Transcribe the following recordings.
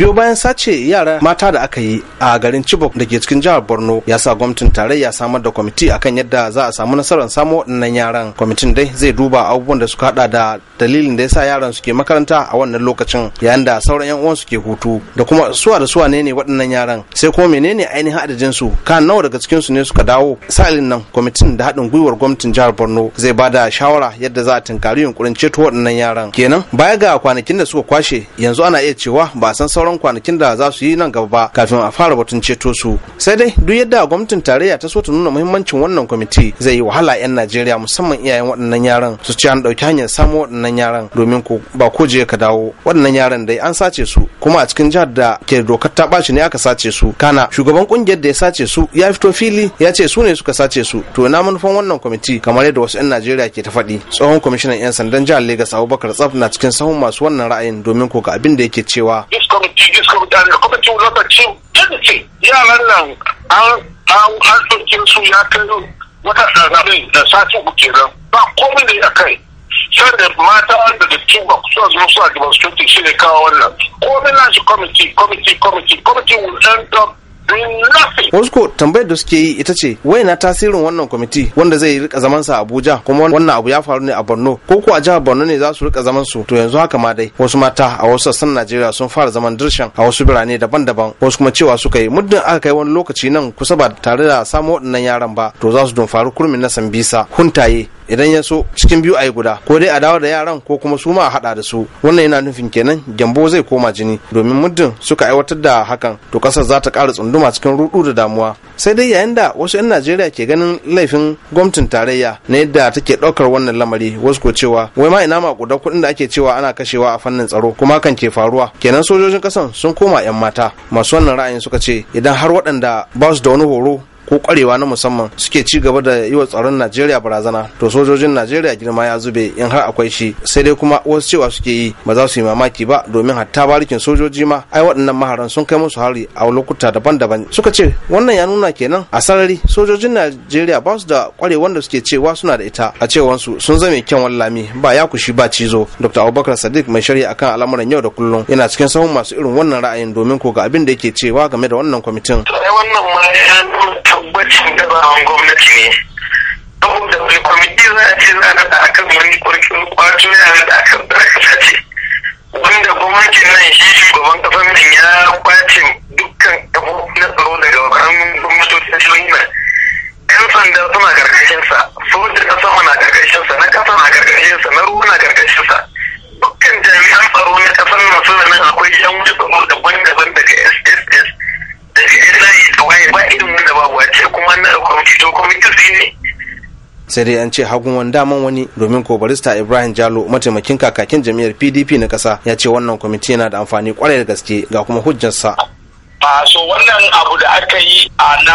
biyo bayan sace yara mata da aka yi a garin chibok da ke cikin jihar borno ya sa gwamnatin tarayya samar da kwamiti akan yadda za a samu nasarar samu waɗannan yaran kwamitin dai zai duba abubuwan da suka hada da dalilin da ya sa yaran suke makaranta a wannan lokacin yayin da sauran yan uwan suke hutu da kuma suwa da suwa ne ne waɗannan yaran sai kuma menene ainihin adadin su kan nawa daga cikin su ne suka dawo sa'ilin nan kwamitin da haɗin gwiwar gwamnatin jihar borno zai ba da shawara yadda za a tinkari yunkurin ceto waɗannan yaran kenan baya ga kwanakin da suka kwashe yanzu ana iya cewa ba san sauran sauran kwanakin da za su yi nan gaba ba kafin a fara batun ceto su sai dai duk yadda gwamnatin tarayya ta so ta nuna muhimmancin wannan kwamiti zai yi wahala 'yan najeriya musamman iyayen waɗannan yaran su ci an ɗauki hanyar samun waɗannan yaran domin ko ba ko je ka dawo waɗannan yaran dai an sace su kuma a cikin jihar da ke dokar ta ɓaci ne aka sace su kana shugaban kungiyar da ya sace su ya fito fili ya ce su ne suka sace su to na manufan wannan kwamiti kamar yadda wasu 'yan najeriya ke ta faɗi tsohon kwamishinan 'yan sandan jihar legas abubakar tsaf na cikin sahun masu wannan ra'ayin domin ko ga abin da yake cewa kwamiti is kwamiti a kwamitin lokacin yadda ce yaran nan an an ɗauke su ya kai wata ɗanarai da sati uku kenan ba komai ne ya kai sai da mata da dattin ba kusa zo su a demonstrating shi ne kawo wannan komai na shi committee committee committee will end up wasu ko tambayar da suke yi ita ce wai na tasirin wannan kwamiti wanda zai rika zaman sa abuja kuma wannan abu ya faru ne a borno ko ko a jihar borno ne za su rika zaman su to yanzu haka ma dai wasu mata a wasu sassan najeriya sun fara zaman dirshan a wasu birane daban-daban wasu kuma cewa suka yi muddin aka kai wani lokaci nan kusa ba tare da samu waɗannan yaran ba to za su don faru kurmin na sambisa huntaye idan ya so cikin biyu a yi guda ko dai a dawo da yaran ko kuma su ma a haɗa da su wannan yana nufin kenan gyambo zai koma jini domin muddin suka aiwatar da hakan to ƙasar za ta ƙara tsunduma cikin rudu da damuwa sai dai yayin da wasu 'yan najeriya ke ganin laifin gwamnatin tarayya na yadda take daukar wannan lamari wasu ko cewa wai ma ina maƙudan kuɗin da ake cewa ana kashewa a fannin tsaro kuma kan ke faruwa kenan sojojin ƙasan sun koma 'yan mata masu wannan ra'ayin suka ce idan har waɗanda ba su da wani horo ko kwarewa na musamman suke ci gaba da yi wa tsaron Najeriya barazana to sojojin Najeriya girma ya zube in har akwai shi sai dai kuma wasu cewa suke yi ba za su yi mamaki ba domin hatta barikin sojoji ma ai waɗannan maharan sun kai musu hari a lokuta daban-daban suka ce wannan ya nuna kenan a sarari sojojin Najeriya ba su da kwarewar da suke cewa suna da ita a cewar su sun zame kyan wallami ba ya kushi ba cizo Dr. Abubakar Sadiq mai shari'a akan al'amuran yau da kullum yana cikin sahun masu irin wannan ra'ayin domin ko ga abin da yake cewa game da wannan kwamitin. Wannan ma ya tabbacin gazawan gwamnati ne saboda bai kwamiti za a ce za a naɗa akan wani kwarkin kwato ya naɗa akan cikin sai dai an ce hagun wani daman wani domin ko barista ibrahim jalo mataimakin kakakin jami'ar pdp na kasa ya ce wannan kwamiti yana da amfani kwarai da gaske ga kuma hujjarsa a so wannan abu da aka yi a na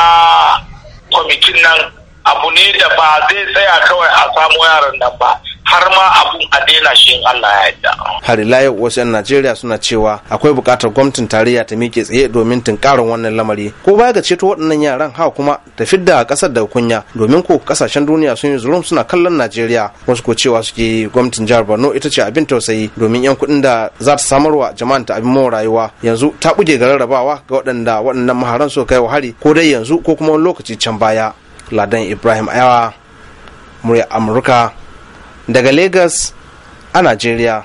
kwamitin nan abu ne da ba zai tsaya kawai a samu yaran nan ba har ma abun a daina shi in Allah ya yarda. Har ila yau wasu 'yan Najeriya suna cewa akwai buƙatar gwamnatin tarayya ta miƙe tsaye domin tunkarin wannan lamari. Ko baya ga ceto waɗannan yaran ha kuma ta fidda ƙasar da kunya domin ko ƙasashen duniya sun yi zurum suna kallon Najeriya. Wasu ko cewa suke gwamnatin jihar Borno ita ce abin tausayi domin 'yan kuɗin da za ta samarwa jama'an ta abin mawa rayuwa yanzu ta buge ga rarrabawa ga waɗanda waɗannan maharan so kai wa hari ko dai yanzu ko kuma wani lokaci can baya. Ladan Ibrahim Ayawa, murya Amurka, daga Legas a Najeriya.